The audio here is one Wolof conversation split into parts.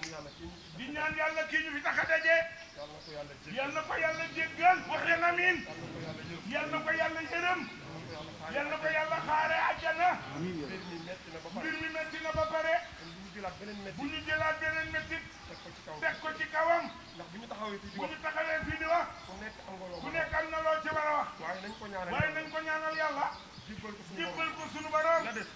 di ñaan yàlla kii ñu fi tax a daje yal na ko yàlla jéggal wax leen amiin yal na ko yàlla yërëm yal na ko yàlla xaare àjjana mbir mi métti na ba pare bu ñu jëlaat beneen métti ci kawam bu ñu taxawee fii di wax bu nekk am na loo ci war a wax waaye nañ ko ñaanal yàlla jébbal ko sunu borom la des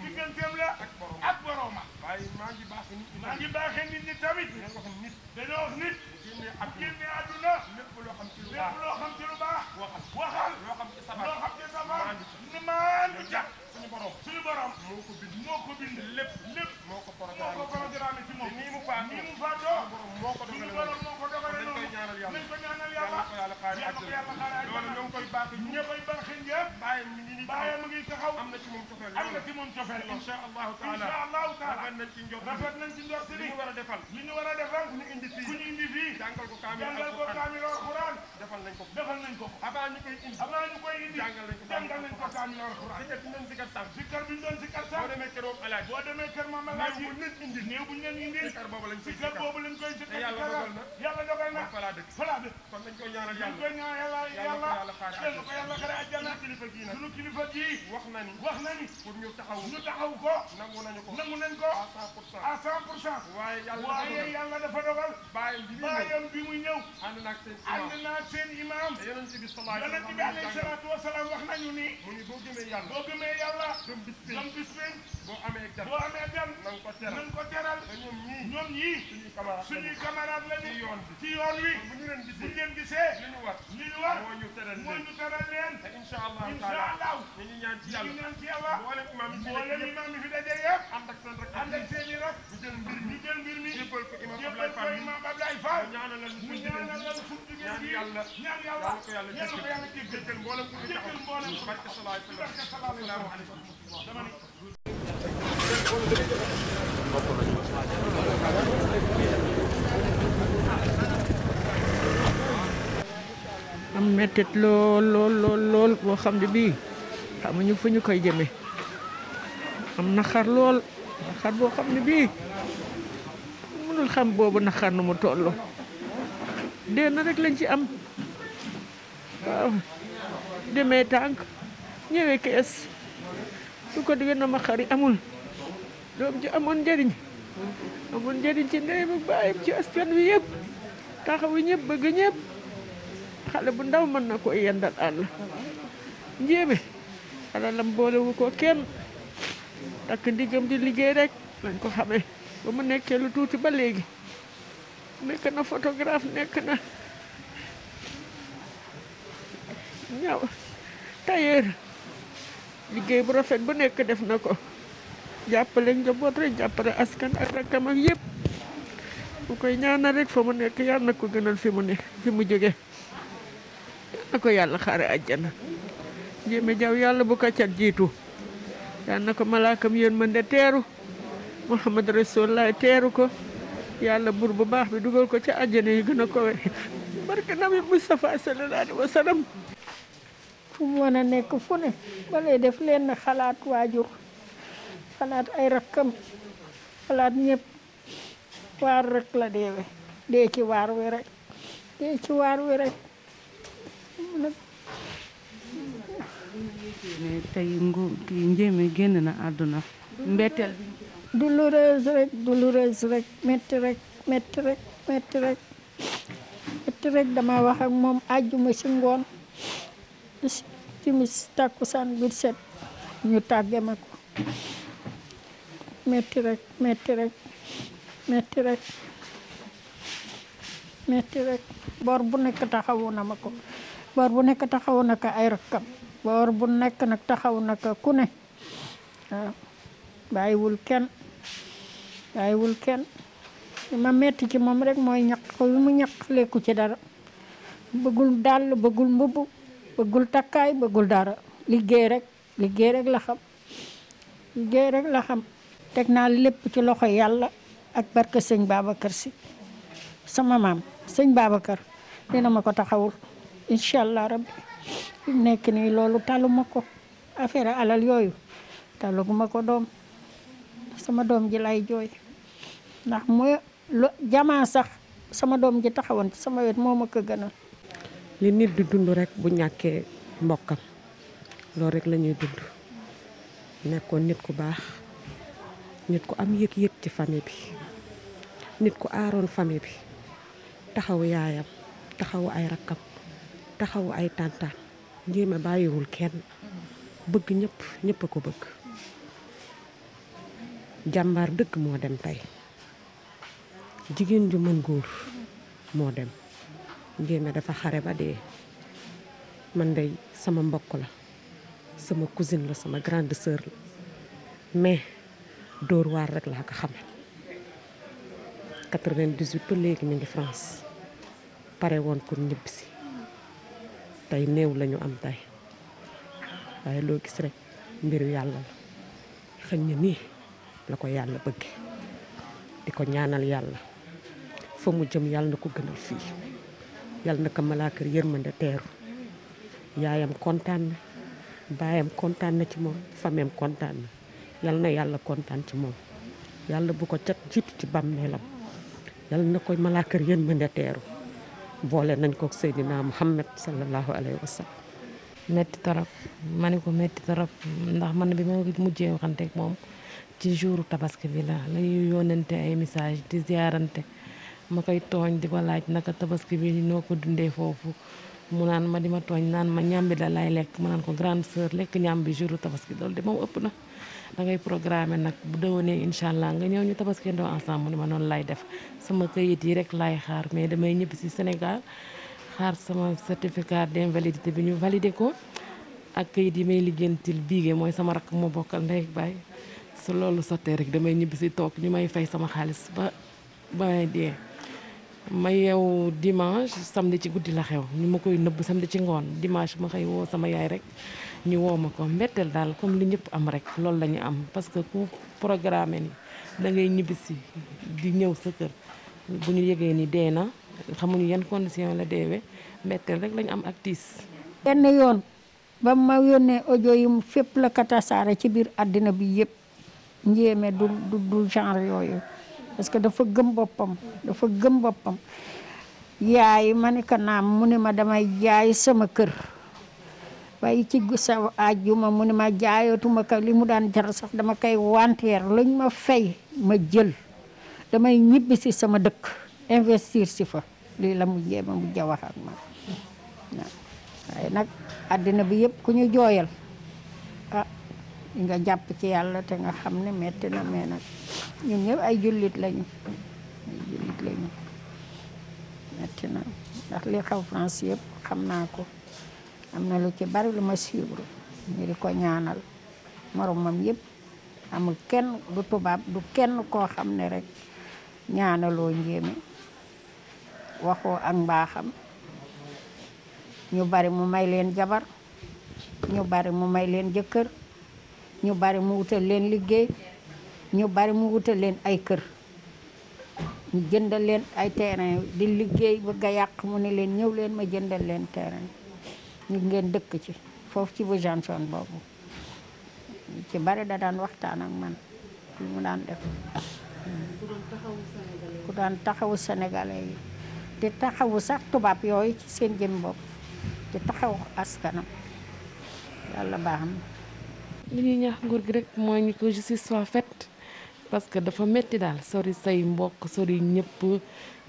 digganteem la ak boroma waaye maa ngi baaxe nit ñi. maa ngi baaxe nit ñi tamit. dañoo wax nit. dañoo wax nit. bu génnee àdduna bu génnee àdduna. lépp loo xam ci lu baax lépp loo xam ci lu baax. waxal waxal. loo xam ci sabar loo xam ci sabar. maa ngi ca suñu borom. suñu borom moo ko bind moo ko bind lépp lépp. moo ko programme ci moom te nii mu faatoo nii mu faatoo. moo ko dogalee yàlla ko yàlla xaaral loolu ñoo ngi koy baax ñoo koy baax ñëpp bàyyam mi ngi bàyyam mi ngi taxaw am na ci moom cofeel am na ci moom cofeel insha allahu taala insha allahu taala rafet nañ ci njort rafet nañ ci njort li ñu war a defal li ñu war a defal ku ñu indi fii ku ñu indi fii jàngal ko kaamil jàngal ko kaamil alquran defal nañ ko defal nañ ko avant ñu koy indi avant ñu koy indi jàngal nañ ko jàngal nañ ko kaamil alquran sikkar bi ñu doon sikkar sax sikkar bi ñu doon sikkar sax boo demee kër alaaj boo demee kër maam alaaj néew bu ñu leen indi néew bu ñu leen indi sikkar boobu lañ koy sikkar boobu lañ koy sikkar yàlla dogal na yàlla dogal na fa laa dëkk fa laa dëkk kon nañ koy ñaanal yàlla koy ñaan yàlla yàlla kenn ko yàlla xare àjjana kilifa gi nag sunu kilifa gi wax na ni wax na ni pour ñu taxaw ñu taxaw ko nangu nañu ko nangu nañ ko à cent pour cent à cent pour cent waaye yàlla waaye yàlla dafa dogal bàyyam bi bàyyam bi muy ñëw ànd naag seen ànd naag seen imam yonent bi sallallahu alayhi wa sallam wax nañu ni mu ni boo gëmee yàlla boo gëmee yàlla gëm bis bi gëm bis bi boo amee gan boo amee gan nan ko teral nan ko teral ñoom ñii ñoom ñii suñuy camarade suñuy camarade la ni ci yoon bi ci yoon wi bu ñu leen gisee bu ñu leen gisee li ñu war li ñu war moo ñu tëral leen moo ñu tëral leen. te incha allah incha allah ñu ngi ñaan ci yàlla ñu ngi ñaan ci yàlla. mboolem imaam yi fi nekk mboolem imaam yi fi daje yëpp. ànd ak seen rakk ànd ak seen i rakk. ñu jël mbir mi ñu jël mbir mi. jébbal ko imaam Abdoulaye Fall mi imaam Abdoulaye Fall. mu ñaanal leen suñu jigéen ñi ñaan yàlla ñaan yàlla ñaan ko yàlla jéggal mboolem ku fi taxaw mboolem ku barke salaay barke salaay salaamu aleykum dama ni metet lol lol lol lol bo xam ne bii xamuñu fu ñu koy jëme am naxar lol naxar bo xam ne bii mënul xam boobu naxar nu mu tollu dee na rek lañ ci am waaw demee tànk ñëwee kees su ko digee na ma xari amul doom ci amon jëriñ amon jëriñ ci ndeyam ak ci astan wi yëpp taxawu ñëpp bëgg ñëpp xale bu ndaw mën iyan ko yendal àll njéeme alalam boolewu ko kenn takk ndiggam di liggéey rek lañ ko xamee ba mu nekkee lu tuuti ba léegi nekk na photographe nekk na ñaw bu rafet bu nekk def nako. ko jàppale rek askan ak rakam ak yëpp bu koy ñaanal rek fa mu nekk yalla na ko gënal fi mu ne fi mu na ko yàlla xaare àjjana jéeme jaw yàlla bu ko cat jiitu ko malaakam yërmande teeru Muhammad Rasulullah teeru ko yàlla bur bu baax bi dugal ko ci àjjana yi gën a kowe barke nabi Mustafa sallallahu alayhi wa sallam fu mu mën a nekk fu ne balay def leen na xalaat waajur xalaat ay rakkam xalaat ñëpp waar rek la deewe dee ci waar wi rek dee ci waar wi rek nag mais tey ngu kii njéeme génn na àdduna mbetteel bi rek douloureuse rek métti rek métti rek métti rek dama wax ak moom àjjuma si ngoon timis tàkkusaan bu ñu tàgge ma ko métti rek métti rek métti rek métti rek bor bu nekk taxawu na ma ko boor bu nekk taxaw na ko bu nekk nag taxaw na ko ku ne waaw ah, bàyyiwul kenn bàyyiwul kenn li ma metti ci moom rek mooy ñaq yu mu ci dara bëggul dàll bëggul mbubb bëggul takkaay bëggul dara liggéey rek liggéey rek la xam liggéey rek la xam teg naa lépp ci loxo yàlla ak barke sëñ Babacar si sama maam sëñ Babacar dina ma ko taxawul inshallah rabbi nek ni lolou taluma ko affaire alal yoyu talu ko sama dom ji lay joy ndax mooy lo sax sama dom ji taxawon sama wet moma ko gënal li nit du dund rek bu ñaké mbokam lo rek lañuy dund nekkon nit ku baax nit ku am yek yek ci famé bi nit ku famé bi taxaw yaayam taxaw ay rakam taxawu ay tanta njéem bayiwul kenn bëgg ñëpp ñëpp ko bëgg jàmbaar dëkk moo dem tey jigéen ju mën góor moo dem njéeme dafa xare ba dee man day sama mbokk la sama cousine la sama grande sœur la mais door waar rek laa ko xam 98 ba léegi mi ngi France pare woon pour tey néew lañu am tey waaye loo gis rek mbiru yàlla la xëñ na nii la ko yàlla bëgg di ko ñaanal yàlla fa mu jëm yàlla na ko gënal fii yàlla na ko malaakar yërmande teeru yaayam kontaan na baayam kontaan na ci moom fameem kontaan na yàlla na yàlla kontaan ci moom yàlla bu ko cat jiitu ci bàmmeelam yàlla na ko malaakar yërmande teeru boole nañ kook Seydina Muhammad sallallahu alayhi wa sallam métti torop ma ne ko métti torop ndax man bi ma mujjee waxanteeg moom ci jouru tabaski bi la lañuy yónnante ay message di ziarante ma koy tooñ di ko laaj naka tabaski bi noo ko dundee foofu mu naan ma di ma tooñ naan ma ñam bi da lay lekk mu naan ko grande sœur lekk ñam bi jour tabaski loolu de moom ëpp na da ngay programmer nag bu déwénee incha allah nga ñëw ñu tabaski ndoo ensemble mu ne ma noonu lay def sama kayit yi rek laay xaar mais damay ñibbi si Sénégal xaar sama certificat invalidité bi ñu validé ko ak kayit yi may liggéentil biige mooy sama rakk moo bokkal ndey ak baay su loolu sottee rek damay ñibbi si toog ñu may fay sama xaalis ba ba dee ma yeew dimanche samedi ci guddi la xew ñu ma koy nëbb samedi ci ngoon dimanche ma xëy woo sama yaay rek ñu woo ma ko mbetteel daal comme li ñëpp am rek loolu la ñu am parce que ku programme ni da ngay ñibbisi di ñëw sa kër bu ñu yëgee ni dee na xamuñu yan condition la deewee mbetteel rek lañu am ak tiis benn yoon ba ma yónnee audio yi fépp la katasaare ci biir àddina bi yëpp njéeme du du genre yooyu parce que dafa gëm boppam dafa gëm boppam yaay ma ka ko naam mu ne ma damay jaay sama kër waaye ci sa ajjuma mu ne ma jaayatuma ko li mu daan jar sax dama koy wanteer luñ ma fay ma jël damay ñibbi si sama dëkk investir si fa lii la mu jéema mu jawax ak man waaye nag àddina bi yëpp ku ñu jooyal ah. nga jàpp ci yàlla te nga xam ne metti na mais nag ñun ñëpp ay jullit lañu ay jullit lañu metti na ndax li xaw France yëpp xam naa ko am na lu ci bari lu ma suivre ñu di ko ñaanal moromam yëpp amul kenn du tubaab du kenn koo xam ne rek ñaanaloo njéeme waxoo ak mbaaxam ñu bari mu may leen jabar ñu bari mu may leen jëkkër ñu bari mu wutal leen liggéey ñu bari mu wutal leen ay kër ñu jëndal leen ay terrain di liggéey bëgg a yàq mu ni leen ñëw leen ma jëndal leen terrain ñu ngeen dëkk ci foofu ci Besançon boobu ci bari da daan waxtaan ak man lu mu daan def ku daan taxawu senegale yi te taxawu sax tubaab yooyu ci seen jëm bopp te taxawu askanam yàlla baax li ñuy ñaax nguur gi rek mooy ñu ko justice soit faite parce que dafa metti daal sori say mbokk sori ñëpp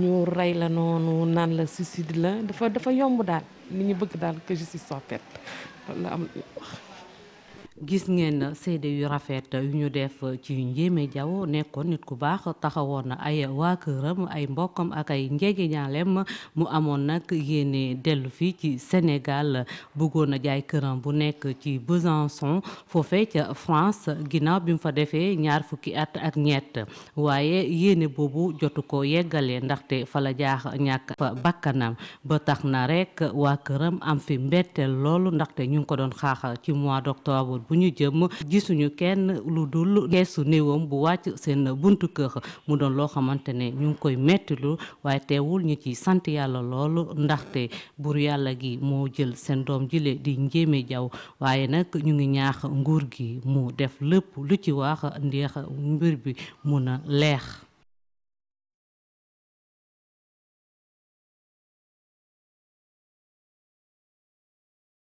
ñu rey la noonu naan la suicide la dafa dafa yomb daal ni ñu bëgg daal que justice soit faite loolu la am gis ngeen seede yu rafet yu ñu def ci Ndiémé Diaw nekkoon nit ku baax taxawoon na ay waa këram ay mbokkam ak ay njegeñaaleem mu amoon nag yéene dellu fii ci Sénégal bëggoon a jaay këram bu nekk ci Besançon foofe ca France ginnaaw bi mu fa defee ñaar fukki at ak ñett waaye yéene boobu jotu ko yeggale ndaxte fa la jaax ñàkk fa bakkanam ba tax na rek waa këram am fi mbetteel loolu ndaxte ñu ngi ko doon xaaxa ci mois d'octobre bu ñu jëm gisuñu kenn lu dul keesu néewam bu wàcc seen buntu kër mu doon loo xamante ne ñu ngi koy mettilu waaye teewul ñu ci sant yàlla loolu ndaxte buur yàlla gi moo jël seen doom jile di njéemé jaw waaye nag ñu ngi ñaax nguur gi mu def lépp lu ci wax ndeex mbir bi mun a leex